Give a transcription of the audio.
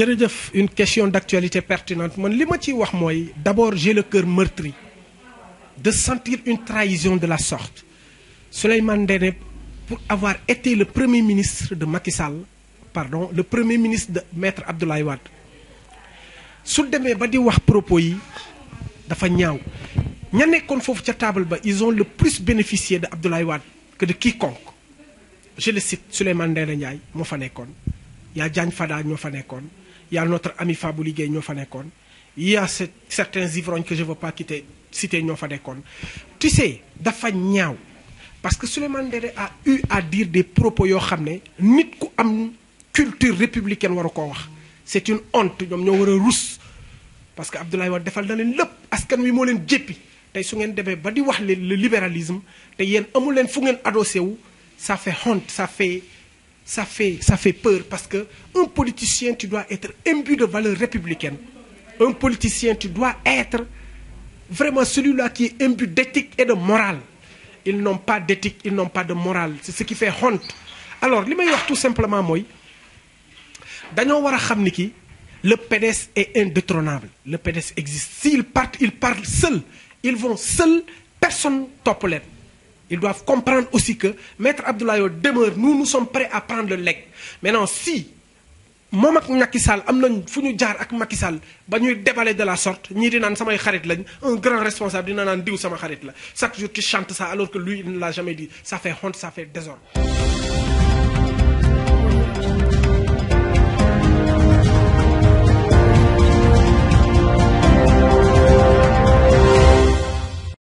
jërëjëf une question d'actualité pertinente li ma d'abord j'ai le cœur meurtri de sentir une trahison de la sorte Souleymane Dene pour avoir été le premier ministre de Macky Sall pardon le premier ministre de maître Abdoulaye Wade su demee ba di wax propos yi dafa ñaaw table ils ont le plus bénéficié d'Abdoulaye Abdoulaye que de quiconque je le cite Souleymane Ndéné Ndiaye moo fa nekkoon yaa Diagne Fada ñoo fa il y a notre ami Fabou Ligue Nyofanekon. Il y a certains ivrognes que je ne veux pas quitter, citer Nyofanekon. Tu sais, dafa niaou. Parce que Souleymane Dere a eu à dire des propos yo xamné nit ko am culture républicaine waru ko wax. C'est une honte ñom ñoo wara rousse. Parce que Abdoulaye Wade defal na leen lepp askan wi mo len jéppi. tay su ngeen demee ba di wax le libéralisme tay yeen amu len fu ngeen adossé wu ça fait honte ça fait ça fait, ça fait peur parce qu'un politicien, tu dois être imbu de valeurs républicaines. Un politicien, tu dois être vraiment celui-là qui est imbu d'éthique et de morale. Ils n'ont pas d'éthique, ils n'ont pas de morale. C'est ce qui fait honte. Alors, les meilleurs tout simplement moi, Daniel Warachamniki, le PDS est indétrônable le PDS existe s'ils partent ils parlent seuls ils vont seuls personne topp ils doivent comprendre aussi que Maître Abdoulaye demeure, nous, nous sommes prêts à prendre le leg. Maintenant, si Momak ak Amnon, Sall et Makissal, ils ñu jaar ak de la sorte ils di dit que xarit un grand responsable dina naan diw sama xarit la chaque jour tu chantes ça alors que lui il ne l'a jamais dit ça fait honte ça fait désordre